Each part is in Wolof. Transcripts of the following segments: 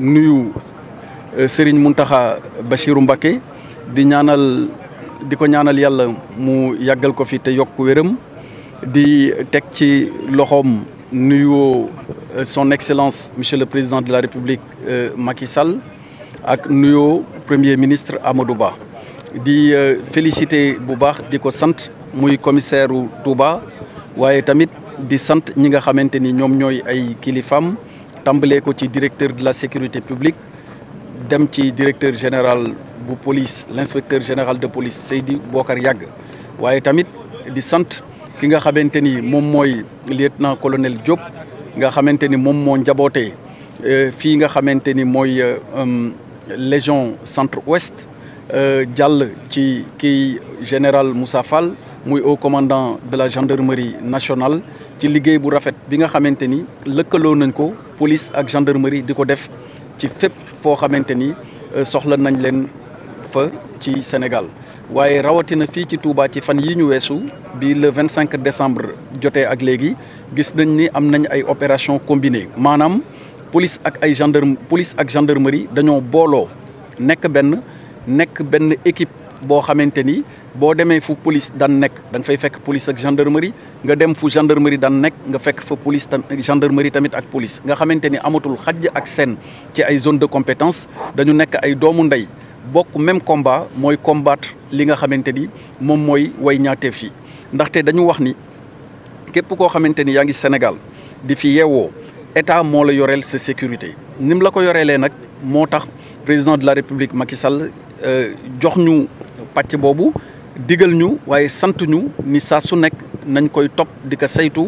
nuyu euh, Serigne taxa Bachirou Mbacké di ñaanal di ko ñaanal yàlla mu yàggal ko fi te yokk wéram di teg ci loxoom nuyu euh, son excellence monsieur le président de la république euh, Macky Sall ak nuyu premier ministre Amadou Ba di félicité bu baax di ko sant muy commissaire u Touba waaye tamit di sant ñi nga xamante ni ñoom ñooy ay kilifaam tàmbalee ko ci directeur de la sécurité publique dem ci directeur général bu police l' général de police Seydi Bokar Yàgg waaye tamit di sant ki nga xamante ni moom mooy lieutenant colonel Diop nga xamante ni moom moo njabootee euh, fii nga xamante ni mooy euh, um, légion centre ouest euh, jàll ci kii général Moussa fal muy au commandant de la gendarmerie nationale ci liggéey bu rafet bi nga xamante ni lëkkaloo nañ ko police ak gendarmerie di ko def ci fépp foo xamante ni euh, soxla nañ leen fa ci Sénégal. waaye rawatina fii ci Touba ci fan yi ñu weesu bi le vingt cinq décembre jotee ak léegi gis nañ ni am nañ ay opération combinée maanaam police ak ay gendarme police ak gendarmerie dañoo booloo nekk benn nekk benn équipe. boo xamante ni boo demee fu police daan nekk da fay fekk police ak gendarmerie nga dem fu gendarmerie daan nekk nga fekk fa police tam gendarmerie tamit ak police nga xamante ni amatul xajj ak seen ci ay zone de compétence dañu nekk ay doomu ndey bokk même combat mooy combattre li nga xamante ni moom mooy way ñaateef fi ndaxte dañu wax ni képp koo xamante ni yaa ngi Sénégal di fi yeewoo état moo la yoreel sa sécurité ni mu la ko yoreelee nag moo tax président de la république Macky Sall euh, jox ñu pàcc boobu digal ñu waaye sant ñu ni saa su nekk nañ koy topp di ko saytu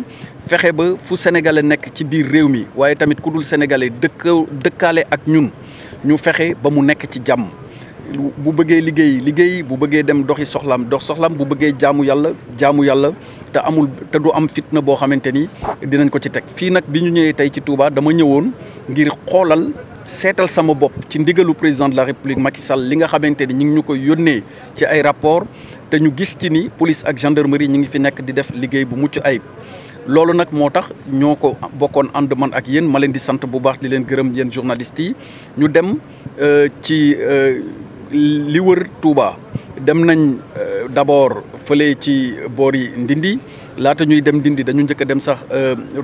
fexe ba fu sénégalais nekk ci biir réew mi waaye tamit ku dul sénégalais dëkk dëkkaale ak ñun ñu fexe ba mu nekk ci jàmm. bu bëggee liggéey liggéey bu bëggee dem doxi soxlaam dox soxlaam bu bëggee jaamu yàlla jaamu yàlla te amul te du am fitna boo xamante ni dinañ ko ci teg fii nag bi ñu ñëwee tey ci Touba dama ñëwoon ngir xoolal. seetal sama bopp ci ndigalu président de la république Macky Sall li nga xamante ni ñu ngi ñu koy yónnee ci ay rapport te ñu gis ci ni police ak gendarmerie ñu ngi fi nekk di def liggéey bu mucc ayib. loolu nag moo tax ñoo ko bokkoon ànd man ak yéen ma leen di sant bu baax di leen gërëm yéen journalistes yi ñu dem euh, ci euh, li wër tuuba dem nañ euh, d'abord fële ci boori Ndindi laata ñuy dem Ndindi dañu njëkk a dem sax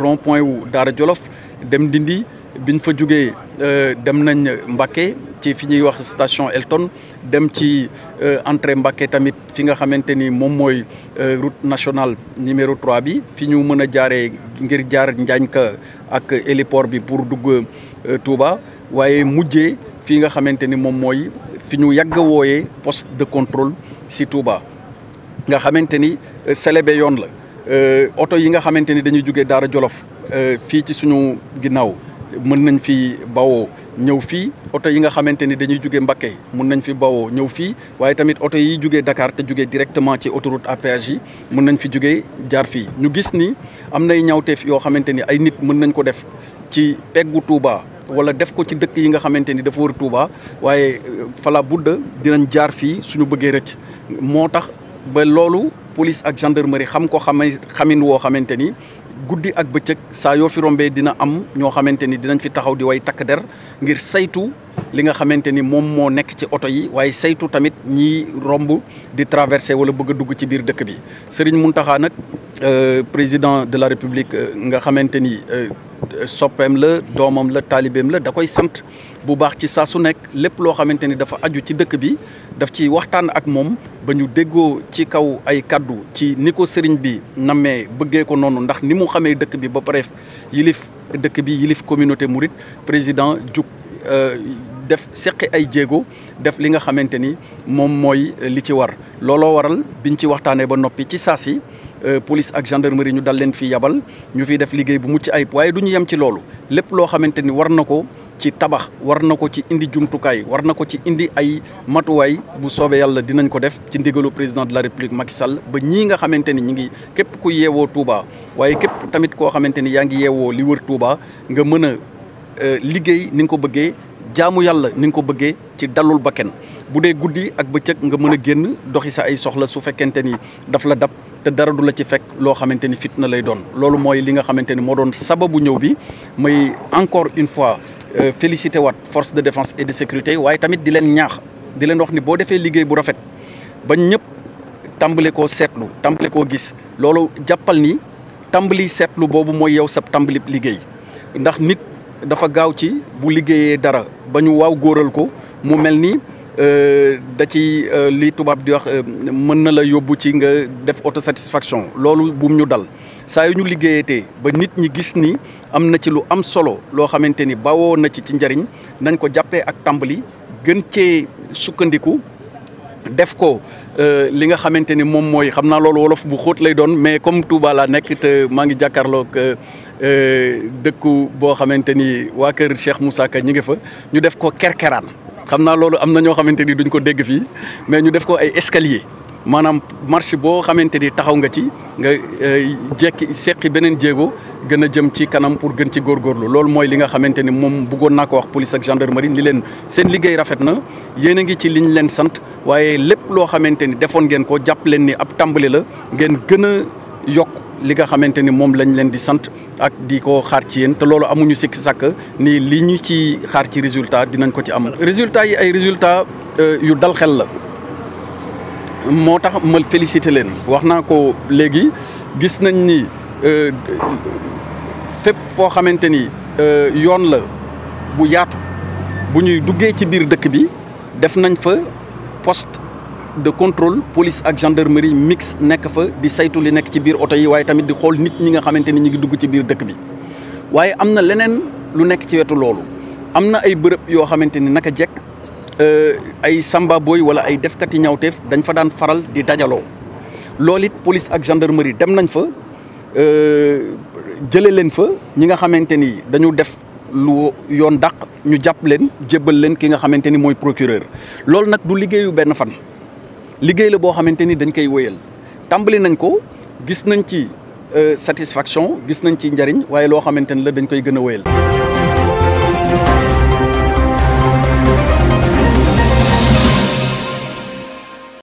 rond point wu Daara Jolof dem Ndindi. biñ fa jugee euh, dem nañ Mbacké ci fi ñuy wax station Elton dem ci euh, entrée Mbacké tamit fi nga xamante ni moom mooy euh, route nationale numéro 3 bi fi ñu mën a jaaree ngir jaar Njaañka ak héliport bi pour dugg Touba waaye mujjee fii nga xamante ni moom mooy fi ñu yàgg wooyee poste de contrôle si Touba nga xamante ni célébé yoon la oto yi nga xamante ni dañuy jugee Daara Jolof fii ci suñu ginnaaw mën nañ fi bawoo ñëw fii oto yi nga xamante ni dañuy jugee Mbacké mën nañ fi bawoo ñëw fii waaye tamit oto yi jógee dakaar te jugee directement ci autoroute à péage yi mën nañ fi jugee jaar fii ñu gis ni am nay ñawteef yoo xamante ni ay nit mën nañ ko def ci peggu Touba wala def ko ci dëkk yi nga xamante ni dafa wër Touba waaye euh, fala budda dinañ jaar fii suñu bëggee rëcc moo tax ba loolu police ak gendarmerie xam ko xame xamin woo xamante ni guddi ak bëccëg saa yoo fi rombee dina am ñoo xamante ni dinañ fi taxaw di way takk der ngir saytu li nga xamante ni moom moo nekk ci oto yi waaye saytu tamit ñiy romb di traversé wala bëgg a dugg ci biir dëkk bi Serigne Mountakha nag euh, président de la République euh, nga xamante ni. Euh, soppeem la doomam la taalibeem la da koy sant bu baax ci saa su nekk lépp loo xamante ni dafa aju ci dëkk bi daf ci waxtaan ak moom ba ñu déggoo ci kaw ay kàddu ci ni ko sëriñ bi nammee bëggee ko noonu ndax ni mu xamee dëkk bi ba pare yilif dëkk bi yilif communauté mouride président jug euh, def seqi ay jéego def li nga xamante ni moom mooy li ci war looloo waral biñ ci waxtaanee ba noppi ci saa si Euh, police ak gendarmerie ñu dal leen fi yabal ñu fiy def liggéey bu mucc ayib waaye du ñu yem ci loolu lépp loo xamante ni war na ko ci tabax war na ko ci indi jumtukaay war na ko ci indi ay matuwaay bu soobee yàlla dinañ ko def ci ndigalu président de la république Macky Sall ba ñii nga xamante ni ñi ngi képp ku yeewoo Touba waaye képp tamit koo xamante ni yaa ngi yeewoo li wër Touba nga mën a euh, liggéey ni nga ko bëggee jaamu yàlla ni nga ko bëggee ci dalul ba bu dee guddi ak bëccëg nga mën a génn doxi sa ay soxla su fekkente ni daf la dab te dara du la ci fekk loo xamante ni fitna lay doon loolu mooy li nga xamante ni moo doon sababu ñëw bi may encore une fois euh, félicité waat force de défense et de sécurité waaye tamit di leen ñaax di leen wax ni boo defee liggéey bu rafet ba ñëpp tàmbale koo seetlu tàmbale koo gis loolu jàppal ni tàmbali seetlu boobu mooy yow sa tàmbali liggéey ndax nit dafa gaaw ci bu liggéeyee dara ba ñu waaw góoral ko mu mel ni Euh, da ci euh, li tubaab di wax euh, mën na la yóbbu ci nga def autosatisfaction loolu bum ñu dal saa yu ñu liggéeyatee ba nit ñi gis ni am na ci lu am solo loo xamante ni bawoo na ci ci njariñ nañ ko jàppee ak tàmbali gën cee sukkandiku def ko li nga xamante ni moom mooy xam naa loolu wolof bu xóot lay doon mais comme Touba laa nekk te maa ngi jàkkaarloog dëkku boo xamante ni waa kër Cheikh Moussa Ka ñi ngi fa ñu def ko kerkeraan. xam naa loolu am na ñoo xamante ni duñ ko dégg fii mais ñu def ko ay escalier maanaam marche boo xamante ni taxaw nga ci nga euh, jekki seqi beneen jéego gën a jëm ci kanam pour gën ci góor góorgóorlu loolu mooy li nga xamante ni moom bëggoon naa ko wax police ak mari ni leen seen liggéey rafet na yéen a ngi ci liñ leen sant waaye lépp loo xamante ni defoon ngeen ko jàpp leen ni ab tàmbali la ngeen gën a yokk li nga xamante ni moom lañ leen di sant ak di ko xaar ci yéen te loolu amuñu sikki sàkk ni li ñu ci xaar ci résultat dinañ ko ci am. résultat yi ay résultat euh, yu dalxel la moo tax ma félicité leen wax naa ko léegi gis nañ ni euh, fépp foo xamante ni euh, yoon la bu yaatu bu ñuy duggee ci biir dëkk bi def nañ fa post de contrôle police ak gendarmerie mix nekk fa di saytu li nekk ci biir oto yi waaye tamit di xool nit ñi nga xamante ni ñu ngi dugg ci biir dëkk bi waaye am na leneen lu nekk ci wetu loolu am na ay bërëb yoo xamante ni naka jekk euh, ay samba boy wala ay defkati ñawteef dañ fa daan faral di dajaloo loolu it police ak gendarmerie dem nañ fa euh, jële leen fa ñi nga xamante ni dañu def lu yoon dàq ñu jàpp leen jébbal leen ki nga xamante ni mooy procureur loolu nag du liggéeyu benn fan liggéey la boo xamante ni dañ koy wéyal tàmbali nañ ko gis nañ ci euh, satisfaction gis nañ ci njëriñ waaye loo xamante ni la dañ koy gën a wéyal